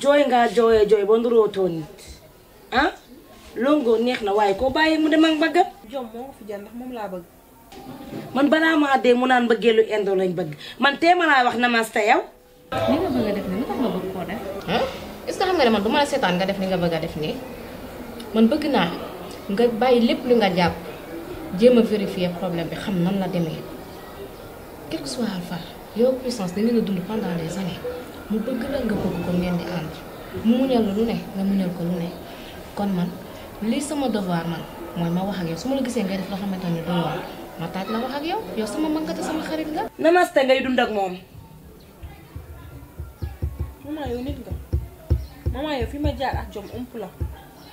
jooy ngaa jooyee jooy ba nduroo toon ah longo neex na waaye koo bàyyi mu dem ak mbagga jom moo ko fi moom laa bëgg man balaa maa dee mu naan mbëggeelu indo lañ bëgg man te ma laa wax na yow li nga bëgg du ma la seetaan nga def li nga bëgg a def nii man bëgg naa nga bàyyi lépp li nga jàpp jéem a vérifier problème bi xam nan la demee quel que soit alpha yow puissance da ngeen a dund pendant des années mu bëgg la nga bëgg ko ngeen di ànd mu muñal lu ne nga muñal ko lu ne kon man lii sama devoir man mooy ma wax ak yow su ma la gisee ngay def loo xamante ne doy waar ma taaj la wax ak yow yow sama mag nga te sama xarit nga. namaste ngay dund ak moom. maman yow nit nga maman yow fi ma jaar ak jom ump la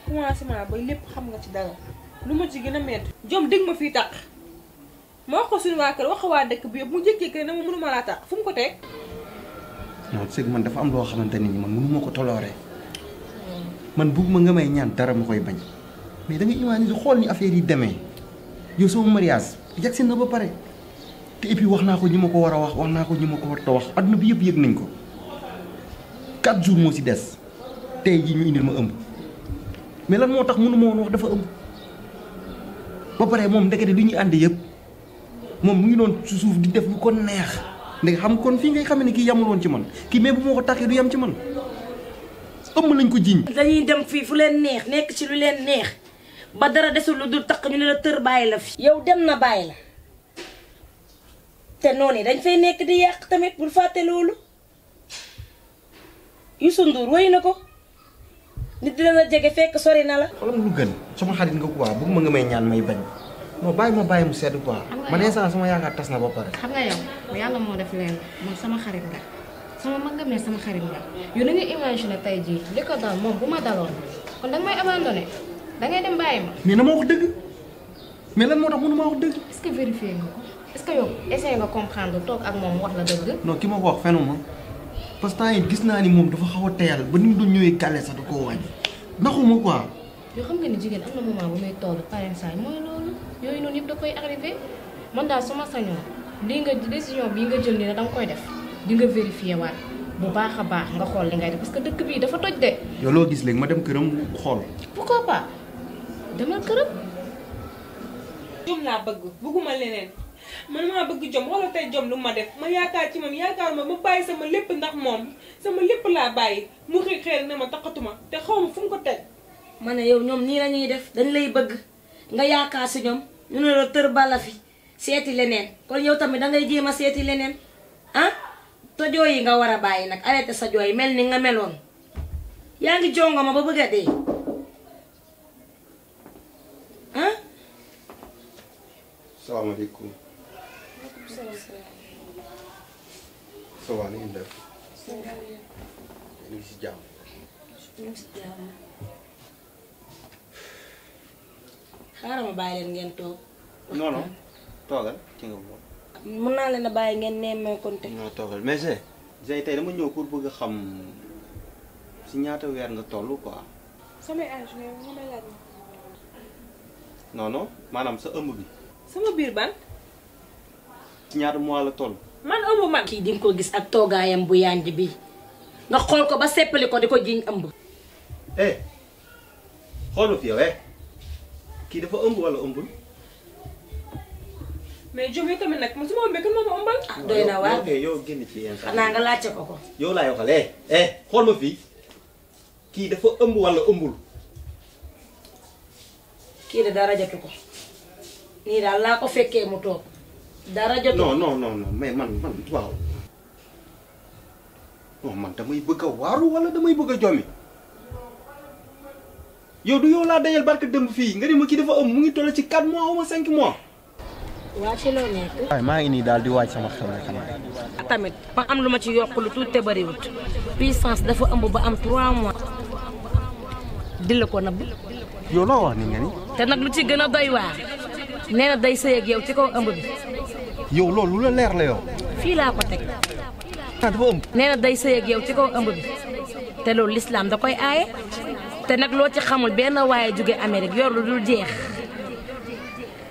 commencement ba lépp xam nga ci dara lu ma ci gën a métti. jom dig ma fii tàq ma wax ko suñu wa kër wax wa dëkk bi yëpp mu jëkkee kër ne ma mënuma laa tax fu mu ko tek non sëg man dafa am lo xamanteni ni man mënuma moko toloré man bugguma nga may ñaan dara ma koy bañ mais da nga imaginer xol ni affaire yi demee yow sama mariage jagsi na ba paré té épi puis wax naa ko ñima ko wara wax wax naa ko ñima ko war a wax aduna bi yëpp yëg nañ ko 4 jours mo ci dess tay ji ñu indil ma ëmb mais lan mo tax mënu mo wax dafa ëmb ba paré mom ndekete lu ñu andi yëpp moom mu ngi doon su suuf di def lu ko neex ndax xam kon fii ngay xam ne kii yamul woon ci man kii mais bu moo ko taxee du yam ci man ëmm nañ ko jiñ. dañuy dem fii fu leen neex nekk ci lu leen neex ba dara desul lu dul takk ñu ne la tër bàyyi la fi. yow dem na bàyyi la te yi dañ fay nekk di yàq tamit bul fàtte loolu Youssou Ndour woy na ko. nit dina la jege fekk sori na la. xoolal lu gën sama xarit nga quoi bëgg ma nga may ñaan may bañ. mo bay mo bay mu sedd quoi. mané sa sama yaaka tass na ba paré xam nga yow mo yalla mo def len mo sama xarit nga sama mag nga ne sama xarit nga yu da nga imagine tay ji li ko dal mom buma dalon kon danga may abandoné da ngay dem bàyyi ma. mais na moko deug mais lan motax tax mënu ma wax est-ce que vérifier nga ko est-ce que yow essayé nga comprendre tok ak mom wax la deug non ki moko wax fenu mo parce que tay gis na ni mom dafa xawa a teyal ba nim do ñewé calé sa sax da koo wàññi naxuma quoi. yoo xam nga ni jigéen am na moment bu muy toll parensaay mooy loolu yooyu noonu yëpp da koy arrivé man daal sama sañoon lii nga décision bii nga jël nii ne danga koy def di nga vérifié waat bu baax a baax nga xool li ngay def parce que dëkk bii dafa toj de. yow loo gis léegi ma dem këram xool. pourquoi pas demal këram. jom laa bëgg bëgguma leneen man maa bëgg jom wala tey jom lu ma def ma yaakaar ci moom yaakaar ma ma bàyyi sama lépp ndax moom sama lépp laa bàyyi mu na ma taxatuma te xaw fu ko teg. mané yow ñom nii lañuy def dañ lay bëgg nga yaaka ci ñom ñu ne la teur bala fi séti lenen kon yow tamit da ngay a lenen han ah joy yi nga wara bayyi nak arrêté sa joy mel nga melon yaangi ngi jongo ma ba bëgg a dee ah. salaamaaleykum. so va ni ngeen def. ñu ngi si jàmm. ñu si xaaral ma bàyyi leen ngeen toog. noonu toogal ci nga moom. mën naa leen a bàyyi ngeen nemmeekonte. non toogal mais Zé. Zé tey dama ñëw pour bëgg a xam si ñaata weer nga toll quoi. samay âge nga maanaam sa ëmb bi. sama biir ban. ci ñaata mois la toll. man ëmb man. kii di ko gis ak toogaayam bu yànj bi nga xool ko ba seppali ko di ko jiñ ëmb. eh xoolu fi yow eh. kii dafa ëmb walla ëmbul. mais Diop yow tamit nag man su ma ëmbee kan moo ma ah, doy na waar ah, yow génn xanaa nga laajte ko ko. yow laa yoo xam eh eh ma fii kii dafa ëmb walla ëmbul. kii de dara jotu ko nii daal laa ko fekkee mu dara jotu ko. non non non non man man waaw non man damay bëgg a waaru wala damay bëgg a jommi. yow du yow laa dajal barke dëmb fii nga ne ma kii dafa ëmb mu ngi toll ci 4 mois ou moins 5 mois. waa waaye maa ngi nii daal di waaj sama xel rek xanaa. Ah, tamit ba am lu ma ci yokk lu tuuti te bëriwut puissance dafa ëmb ba am 3 mois. di la ko nab. yow te nag lu ci gën a doy waar day sëy ak ci kaw ëmb yow loolu lu la leer la yow. fii laa ko teg. Ah, dafa ëmb. nee na day sëy ak ci kaw ëmb bi te loolu lislaam da koy aaye. te nag loo ci xamul benn waaye jóge Amérique yor lu jeex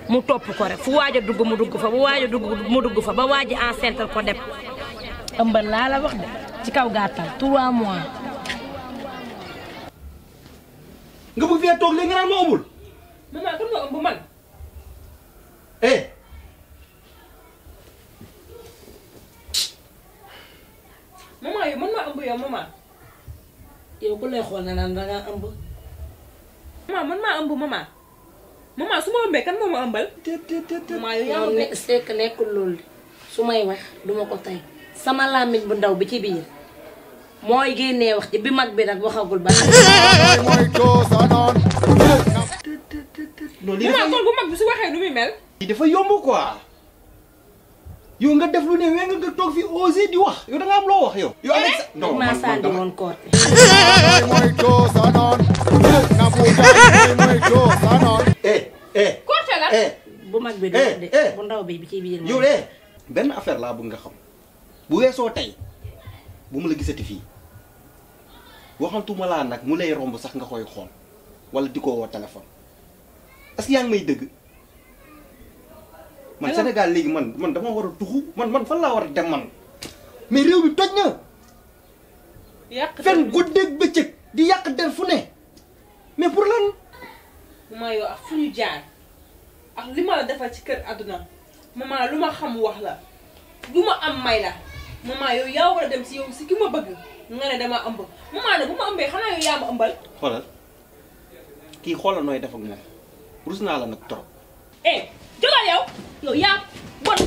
mu topp ko rek fu waaj a dugg mu dugg fa bu waaj dugg mu dugg fa ba waaj a enceinte ko dem ëmbal laa la wax de ci kaw gàttal trois mois. nga bëgg fee toog léegi nga naan ma ëmbul. yow ku lay xool na naan da ëmb. maman man maa ëmb maman maman su ma ëmbee kan moo ma ëmbal. tëb tëb tëb yow ne sekk nekkul loolu de su may wax duma ko tey sama làmmiñ bu ndaw bi ci biir mooy génnee wax ci bi mag bi nag waxagul ba. loolu yëpp maman kon bu mag bi su waxee nu muy mel. dafa yomb quoi. yow nga def lu ne we nga tok fi osé di wax yow da nga am lo wax yow. yow Alex non ma sa na bu eh eh. Ya, eh bu mag bi de de bu ndaw bi bi ci biir. yow le ben affaire la bu nga ya, xam bu weesoo tay bu mu la gisati fii waxantuma la nak mu lay di téléphone est-ce man senegal léegi man man dama wara a tuxu man man fa la wara dem man mais rew bi toj na. Ya, yàq fen guddeeg bëccëg di yak der fu ne mais pour lan. buma yo ak fuñu jaar ak lima la defal ci kër aduna mama luma xam wax la buma am may ya la mama yo ya wara dem si yow ci kima bëgg nga ne dama ëmb maman nag bu ma ëmbee xanaa yow yaa ma ëmbal. xolal ki xolal noy def ak mom rusna la nak trop. eh jogal yow. Yo, yeah. What?